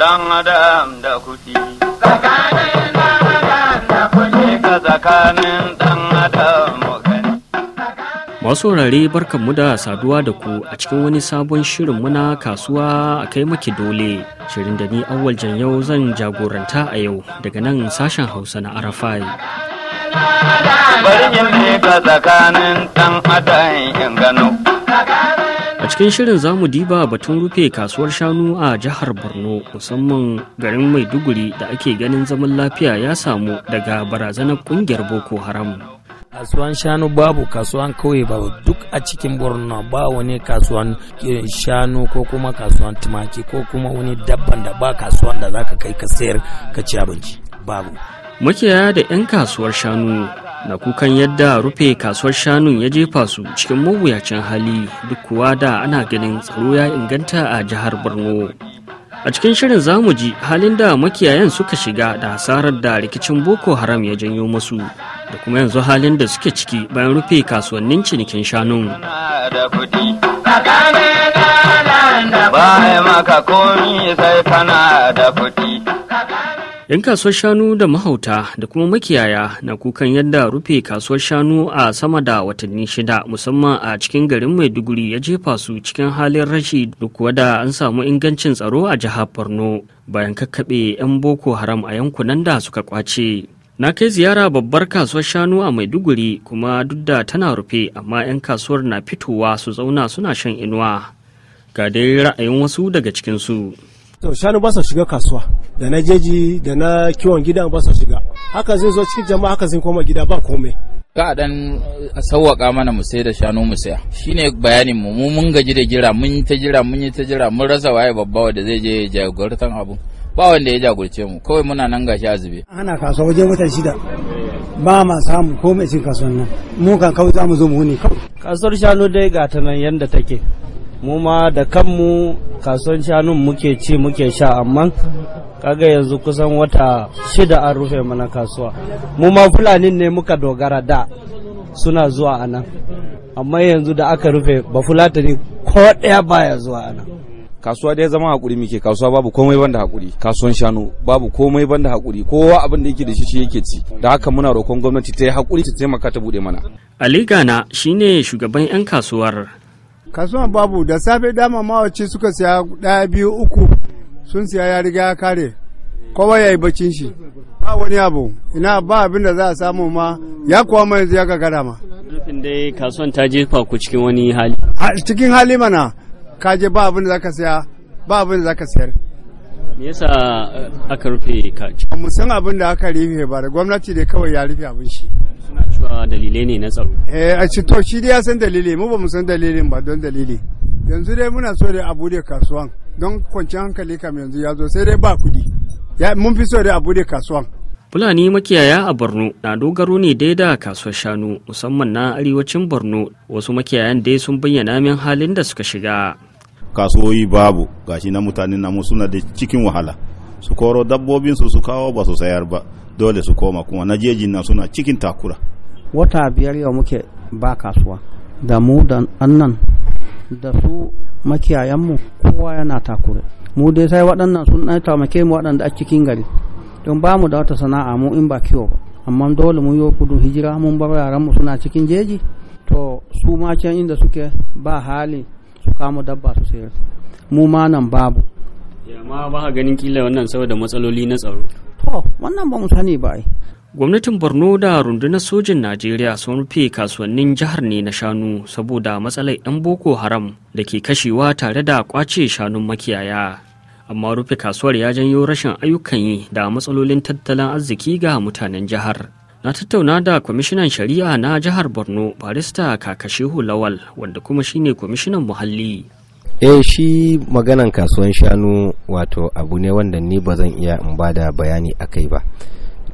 Dan adam da kuɗi. Tsakanin dan da Ka tsakanin dan adam Masu wurare barkanmu da saduwa da ku a cikin wani sabon shirin muna kasuwa a kai maki dole. Shirin da ni awal yau zan jagoranta a yau daga nan sashen Hausa na Arafai. Bari yin ka tsakanin ɗan adam in gano. A cikin shirin zamu diba batun rufe kasuwar shanu a jihar Borno musamman garin Maiduguri da ake ganin zaman lafiya ya samu daga barazanar kungiyar Boko Haram. kasuwan shanu babu kasuwan kauye babu duk a cikin borno ba wani kasuwan shanu ko kuma kasuwan tumaki ko kuma wani dabban da ba kasuwan da zaka kai ka sayar ka ci abinci babu makiyaya da 'yan kasuwar shanu na kukan yadda rufe kasuwar shanun ya jefa su cikin mawuyacin hali duk kuwa da ana ganin tsaro ya inganta a jihar borno a cikin shirin zamu ji halin da makiyayan suka shiga da hasarar da rikicin boko haram ya janyo masu da kuma yanzu halin da suke ciki bayan rufe kasuwannin cinikin shanun maka 'Yan kasuwar shanu da mahauta da kuma makiyaya na kukan yadda rufe kasuwar shanu a sama da watanni shida musamman a cikin garin Maiduguri ya jefa su cikin halin rashi duk da an samu ingancin tsaro a jihar Borno bayan kakkaɓe 'yan Boko Haram a yankunan da suka kwace. Na kai ziyara babbar kasuwar shanu a Maiduguri kuma duk da tana rufe amma 'yan kasuwar na fitowa su zauna suna shan inuwa. Ga dai ra'ayin wasu daga cikinsu. su. to shanu ba su shiga kasuwa da na jeji da na kiwon gida ba su shiga haka zai zo cikin jama'a haka zai koma gida ba komai ka dan eh, sauwaka mana mu sai da shanu mu saya shine bayanin mu mu mun gaji da jira mun ta jira mun yi ta jira mun rasa waye babba wanda zai je ya abu ba wanda ya jagorce mu kawai muna nan gashi azube ana kasuwa waje watan shida ba ma samu komai cin kasuwan nan mu kan kawai za mu zo mu ne. kawai kasuwar shanu dai ga ta nan yanda take mu ma da kanmu kasuwan shanun muke ci muke sha amma kaga yanzu kusan wata shida an rufe mana kasuwa mu ma fulanin ne muka dogara da suna zuwa a nan amma yanzu da aka rufe ba ne ko ɗaya baya zuwa a nan kasuwa dai zama hakuri muke kasuwa babu komai banda hakuri kasuwan shanu babu komai banda hakuri kowa abin da yake da shi shi yake ci da haka muna roƙon gwamnati ta yi hakuri ta taimaka ta bude mana ali gana shine shugaban yan kasuwar kasuwan babu da safe dama mawaci suka siya ɗaya biyu uku sun siya ya riga ya kare kowa ya yi bacin shi ba wani abu ina ba abin da za a samu ma ya kuwa mai ya gagara ma nufin dai kasuwan ta jefa ku cikin wani hali cikin hali mana ka je ba abin da za ka siya ba abin da za ka siyar me yasa eh, aka rufe ka mu san abin da aka rufe ba da gwamnati dai kawai ya rufe abin shi cewa dalilai ne na tsaro eh a ci to shi dai ya san dalili mu ba mu san dalilin ba don dalili yanzu dai muna so abu kasuwan don kwanciyar hankali kam yanzu ya zo sai dai ba kudi mun fi so da abu da kasuwan Fulani makiyaya a Borno na dogaro ne dai da kasuwar shanu musamman na arewacin Borno wasu makiyayan dai sun bayyana min halin da suka shiga. Kasuwoyi babu gashi na mutanen namu suna da cikin wahala su koro dabbobin su su kawo ba su sayar ba dole su koma kuma na jejin na suna cikin takura. wata biyar yau muke ba kasuwa da mu da annan da su makiyayenmu kowa yana takure mu dai sai waɗannan sun ɗan taimake mu waɗanda a cikin gari don ba mu da wata sana'a mu in ba kiwo ba amma dole mu yi gudun hijira mun bar mu suna cikin jeji to su ma can inda suke ba hali su kamo dabba su sayar mu ma nan babu ya ma ba ganin kila wannan saboda matsaloli na tsaro to wannan ba mu sani ba gwamnatin borno da rundunar sojin najeriya sun rufe kasuwannin jihar ne na shanu saboda matsalar 'yan boko haram da ke kashewa tare da kwace shanun makiyaya amma rufe kasuwar ya janyo rashin ayyukan yi da matsalolin tattalin arziki ga mutanen jihar na tattauna da kwamishinan shari'a na jihar borno barista kakashehu lawal wanda kuma shine kwamishinan muhalli eh shi maganan kasuwan shanu wato abu ne wanda ni ba zan iya in bada bayani akai ba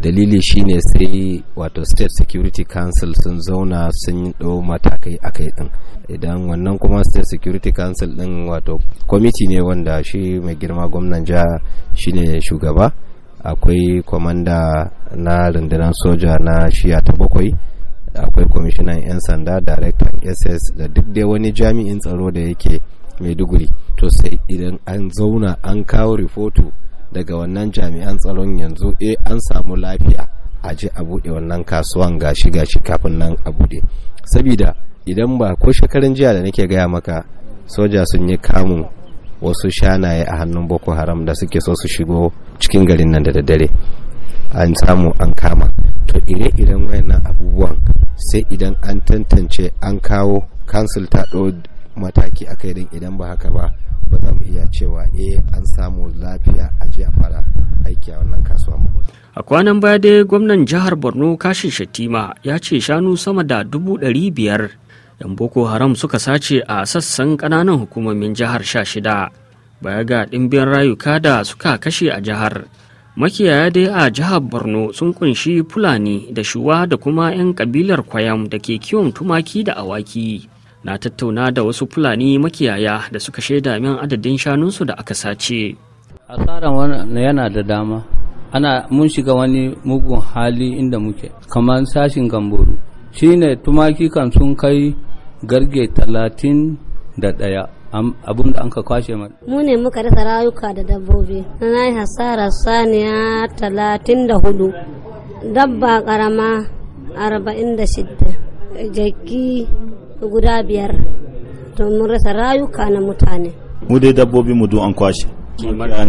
dalili shine sai wato state security council sun zauna sun ɗau matakai a kai ɗin idan wannan kuma state security council din wato kwamiti ne wanda shi mai girma gwamnan ja shine shugaba akwai kwamanda na rundunar soja na shiya ta bakwai akwai kwamishinan 'yan sanda director ss da duk dai wani jami'in tsaro da yake maiduguri to sai idan an zauna an kawo rifoto daga wannan jami'an tsaron yanzu e an samu lafiya a je a buɗe wannan kasuwan gashi gashi kafin nan a buɗe sabida idan ba ko shekarun jiya da nake gaya maka soja sun yi kamun wasu shanaye a hannun boko haram da suke so su shigo cikin garin nan da daddare an samu an kama to ire-iren wayannan abubuwan sai idan an tantance an kawo kansul ta mataki a kai idan ba haka ba ba za mu iya cewa eh an samu lafiya a je a fara aiki a wannan kasuwa mu. A kwanan baya dai gwamnan jihar Borno kashin Shatima ya ce shanu sama da dubu ɗari biyar yan Boko Haram suka sace a sassan ƙananan hukumomin jihar sha shida baya ga ɗimbin rayuka da suka kashe a jihar. Makiyaya dai a jihar Borno sun kunshi Fulani da Shuwa da kuma 'yan kabilar Kwayam da ke kiwon tumaki da awaki. na tattauna da wasu fulani makiyaya da suka shaida min adadin shanunsu da aka sace asaran wani yana da dama ana mun shiga wani mugun hali inda muke kamar sashin gamboru shine tumaki kan sun kai garge talatin da ɗaya abin da an ka kwashe mai Mu ne muka rasa rayuka da dabbobi. Na yi hasara saniya talatin da hudu. Dabba karama arba'in da shidda. Jaki guda biyar to mun rasa rayuka na mutane mu dai dabbobi mu duk an kwashe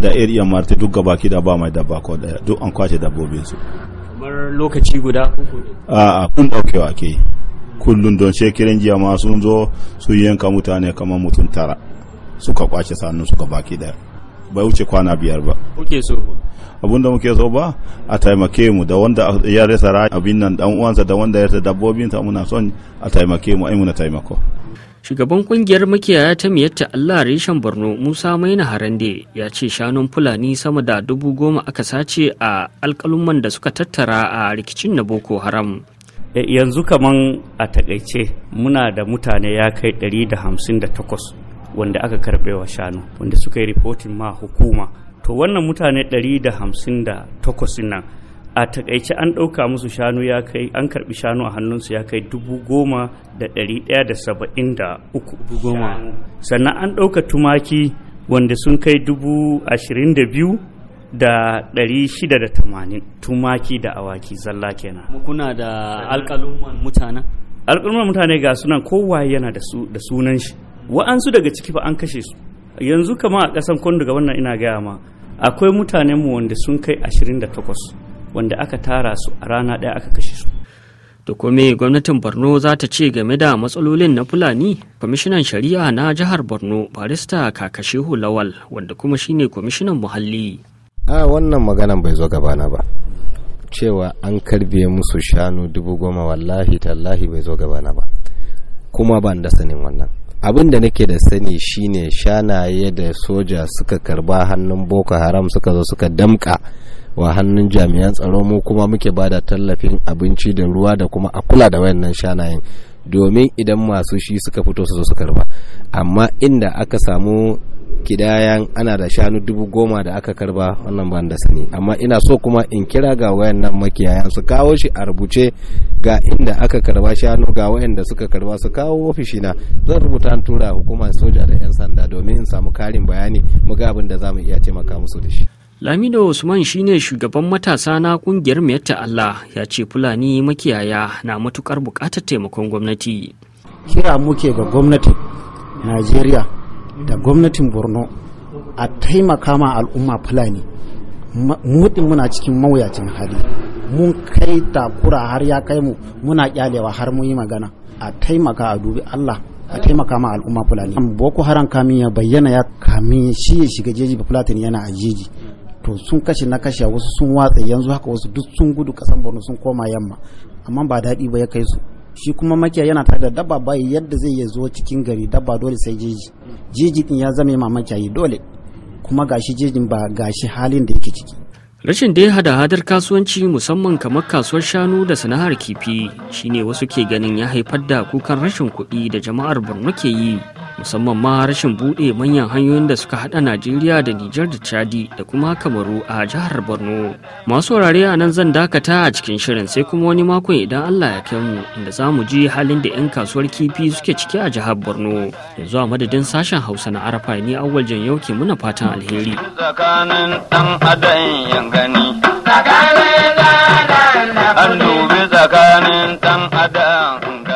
da area marta duk ki da ba mai dabba ko daya duk an kwashe dabbobin su kamar lokaci guda a a kun daukewa ke kullun don shekirin jiya ma sun zo sun yanka mutane kamar mutum tara suka kwashe sanu suka baki daya bai wuce kwana biyar ba kuke so abin da muke so ba a taimake mu da wanda ya rasa abin nan dan uwansa da wanda ya rasa dabbobinsa muna son a taimake mu ai muna taimako shugaban kungiyar makiyaya ta miyatta Allah reshen Borno Musa Maina Harande ya ce shanun Fulani sama da dubu goma aka sace a alkalumman da suka tattara a rikicin na Boko Haram. Eh, yanzu kaman a takaice muna da mutane ya kai 158 wanda aka karbe wa shanu wanda suka yi ripotin ma hukuma to wannan mutane 158 nan a takaice an ɗauka musu shanu ya kai an karbi shanu a hannunsu ya kai dubu goma da da saba'in da uku sannan an ɗauka tumaki wanda sun kai dubu ashirin da biyu da ɗari shida da tamanin tumaki da awaki zalla kenan kuna da alƙalumman mutanen alƙalumman mutane ga sunan kowa yana da sunan shi wa'ansu daga ciki fa an kashe su yanzu kama a ƙasan kwandu ga wannan ina gaya ma akwai mutanenmu wanda sun kai 28 wanda aka tara su a rana ɗaya aka kashe su da kuma gwamnatin borno za ta ce game da matsalolin na fulani kwamishinan shari'a na jihar borno barista kakashehu lawal wanda kuma shine kwamishinan muhalli a wannan maganan bai zo gabana ba cewa an karbe musu shanu dubu goma wallahi tallahi bai zo gabana ba kuma ban da sanin wannan abin da nake da sani shine shanaye da soja suka karba hannun boko haram suka zo suka damka wa hannun jami'an tsaro mu kuma muke bada tallafin abinci da ruwa da kuma a kula da wayannan shanayen domin idan masu shi suka fito su zo su karba amma inda aka samu kidayan ana da shanu dubu goma da aka karba wannan ban da sani amma ina so kuma in kira ga wayannan makiyaya su kawo shi a rubuce ga inda aka karba shanu ga wayanda suka karba su kawo ofishina zan rubuta an tura hukumar soja da yan sanda domin in samu karin bayani mu ga abin da za mu iya taimaka musu da shi Lamido Usman shine shugaban matasa na kungiyar Miyatta Allah ya ce Fulani makiyaya na matukar bukatar taimakon gwamnati. Kira muke ga gwamnati Najeriya da gwamnatin borno a taimaka ma al'umma fulani mutum muna cikin mawuyacin hali mun kai takura har ya kai mu muna kyalewa har mu yi magana a taimaka a dubi allah a taimaka ma al'umma fulani boko haram kamin ya bayyana ya kamin shi ya shiga jeji ba fulatin yana a jeji to sun kashe na kashe wasu sun watsa yanzu haka wasu duk sun gudu kasan borno sun koma yamma amma ba daɗi ba ya kai su shi kuma makiya yana tare da dabba bai yadda zai ya zo cikin gari dabba dole sai jeji jeji din ya zama ma makiyayi dole kuma gashi jejin ba gashi halin da yake ciki rashin dai hada-hadar kasuwanci musamman kamar kasuwar shanu da sana'ar kifi shine wasu ke ganin ya haifar da kukan rashin kuɗi da jama'ar borno ke yi musamman ma rashin bude manyan hanyoyin da suka hada najeriya da nijar da chadi da kuma kamaru a jihar borno masu wurare a nan zan dakata a cikin shirin sai kuma wani makon idan allah ya kai mu inda za mu ji halin da 'yan kasuwar kifi suke ciki a jihar borno yanzu a madadin sashen hausa na arafa ni awal jan yau ke muna fatan alheri tsakanin tsakanin